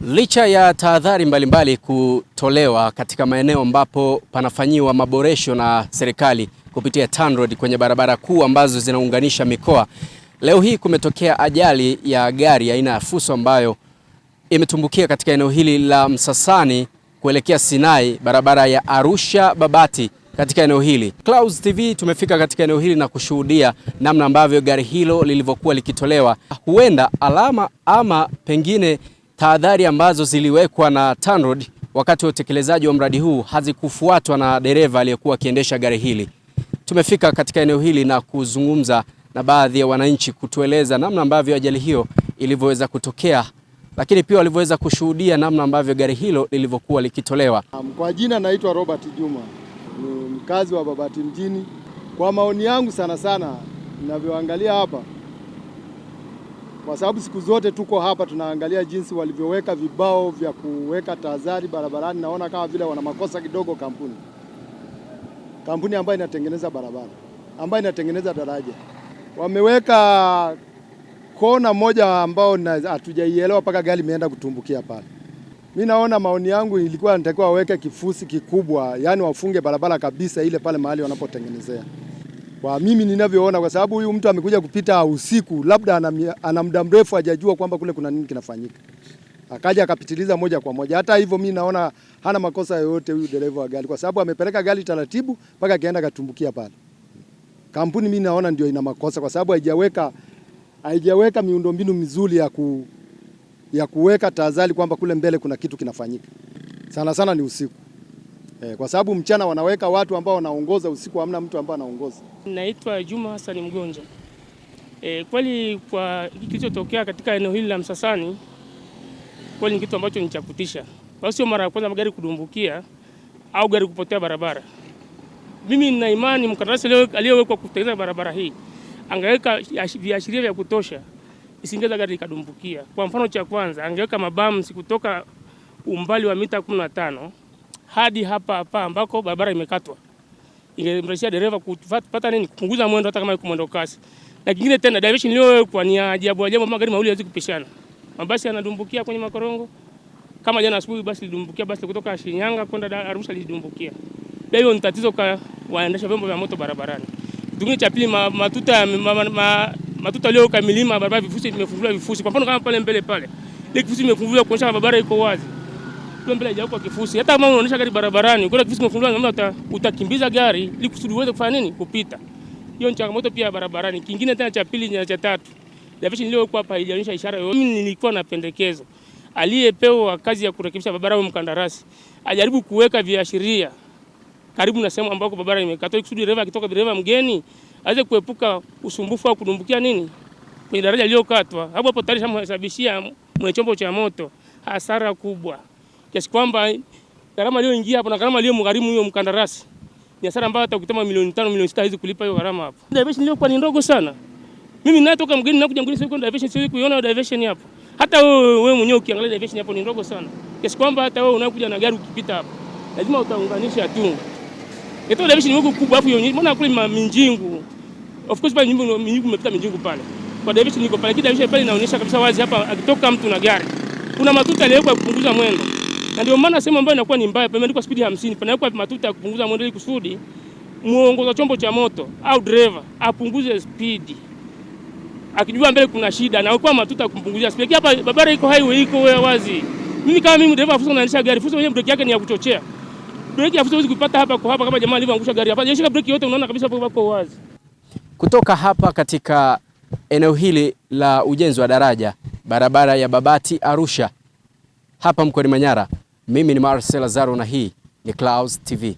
Licha ya tahadhari mbalimbali kutolewa katika maeneo ambapo panafanyiwa maboresho na serikali kupitia TANROADS kwenye barabara kuu ambazo zinaunganisha mikoa, leo hii kumetokea ajali ya gari aina ya Fuso ambayo imetumbukia katika eneo hili la Msasani kuelekea Sinai, barabara ya Arusha Babati katika eneo hili. Clouds TV tumefika katika eneo hili na kushuhudia namna ambavyo gari hilo lilivyokuwa likitolewa, huenda alama ama pengine tahadhari ambazo ziliwekwa na TANROADS wakati wa utekelezaji wa mradi huu hazikufuatwa na dereva aliyekuwa akiendesha gari hili. Tumefika katika eneo hili na kuzungumza na baadhi ya wananchi kutueleza namna ambavyo ajali hiyo ilivyoweza kutokea, lakini pia walivyoweza kushuhudia namna ambavyo gari hilo lilivyokuwa likitolewa. Kwa jina naitwa Robert Juma, ni mkazi wa Babati mjini. Kwa maoni yangu sana sana ninavyoangalia hapa kwa sababu siku zote tuko hapa tunaangalia jinsi walivyoweka vibao vya kuweka tahadhari barabarani. Naona kama vile wana makosa kidogo kampuni kampuni ambayo inatengeneza barabara ambayo inatengeneza daraja wameweka kona moja ambao hatujaielewa mpaka gari imeenda kutumbukia pale. Mi naona maoni yangu ilikuwa natakiwa waweke kifusi kikubwa, yaani wafunge barabara kabisa ile pale mahali wanapotengenezea kwa mimi ninavyoona, kwa sababu huyu mtu amekuja kupita usiku, labda ana muda mrefu hajajua kwamba kule kuna nini kinafanyika, akaja akapitiliza moja kwa moja. Hata hivyo, mimi naona hana makosa yoyote huyu dereva wa gari, kwa sababu amepeleka gari taratibu mpaka akaenda katumbukia pale. Kampuni mimi naona ndio ina makosa, kwa sababu haijaweka haijaweka miundombinu mizuri ya ku, ya kuweka tahadhari kwamba kule mbele kuna kitu kinafanyika. Sana sana ni usiku eh, kwa sababu mchana wanaweka watu ambao wanaongoza, usiku hamna mtu ambaye anaongoza. Naitwa Juma Hassan Mgonja. E, kweli kwa kilichotokea katika eneo hili la Msasani kweli ni kitu ambacho ni cha kutisha, kwa sio mara ya kwanza magari kudumbukia au gari kupotea barabara. Mimi nina imani mkandarasi aliyowekwa kutengeneza barabara hii angeweka viashiria vya kutosha isingeza gari ikadumbukia. Kwa mfano, cha kwanza angeweka mabamu sikutoka umbali wa mita 15 hadi hapa hapa ambako barabara imekatwa, ingemrahisishia dereva kupata nini, kupunguza mwendo, hata kama yuko mwendo kasi. Na kingine tena diversion leo kwa ni ajabu ajabu, magari mawili hayawezi kupishana, mabasi yanadumbukia kwenye makorongo. Kama jana asubuhi basi lidumbukia, basi kutoka Shinyanga kwenda Arusha lidumbukia. Hiyo ni tatizo kwa waendesha vyombo vya moto barabarani. Kingine cha pili, matuta ya ma, ma, ma, matuta leo kamilima barabara, vifusi vimefufuliwa vifusi. Kwa mfano kama pale mbele pale, ile kifusi imefufuliwa kuonyesha barabara iko wazi kule mbele kwa kifusi. Hata kama unaonyesha gari barabarani, ukiona kifusi kimefunguliwa mtu utakimbiza gari ili kusudi uweze kufanya nini? Kupita. Hiyo ni changamoto pia barabarani. Kingine tena cha pili na cha tatu. Division iliyokuwa hapa haijaonyesha ishara yoyote. Mimi nilikuwa na pendekezo. Aliyepewa kazi ya kurekebisha barabara au mkandarasi ajaribu kuweka viashiria karibu na sehemu ambako barabara imekatwa kusudi dereva akitoka, dereva mgeni aweze kuepuka usumbufu au kudumbukia nini kwenye daraja lililokatwa. Hapo hapo tayari shamsababishia mwenye chombo cha moto hasara kubwa kiasi kwamba gharama iliyoingia hapo na gharama iliyomgharimu huyo mkandarasi ni hasara ambayo hata ukitema milioni tano milioni sita hizi kulipa hiyo gharama hapo. Diversion kwa ni ndogo sana. Mimi natoka mgeni na kuja mgeni sio diversion sio kuiona diversion hapo. Hata wewe wewe mwenyewe ukiangalia diversion hapo ni ndogo sana. Kiasi kwamba hata wewe unakuja na gari ukipita hapo. Lazima utaunganisha tu. Ito diversion ni kubwa hapo yenyewe. Mbona kule minjingu? Of course pale nyumba minjingu umepita minjingu pale. Kwa diversion iko pale. Kile pale inaonyesha kabisa wazi hapa akitoka mtu na gari. Kuna matuta yaliyowekwa kupunguza mwendo na ndio maana sehemu ambayo inakuwa ni mbaya pameandikwa spidi hamsini, panawekwa matuta ya kupunguza mwendo ili kusudi muongoza chombo cha moto au dereva apunguze spidi akijua mbele kuna shida, na kwa matuta kumpunguzia spidi. Hapa barabara iko highway, iko wazi. Mimi kama mimi dereva fuso naendesha gari fuso, yenyewe breki yake ni ya kuchochea. Breki ya fuso huwezi kuipata hapa kwa hapa, kama jamaa alivyoangusha gari hapa, Yeshika breki yote, unaona kabisa hapo hapo wazi. Kutoka hapa katika eneo hili la ujenzi wa daraja barabara ya Babati Arusha hapa mkoani Manyara. Mimi ni Marcel Lazaro na hii ni Clouds TV.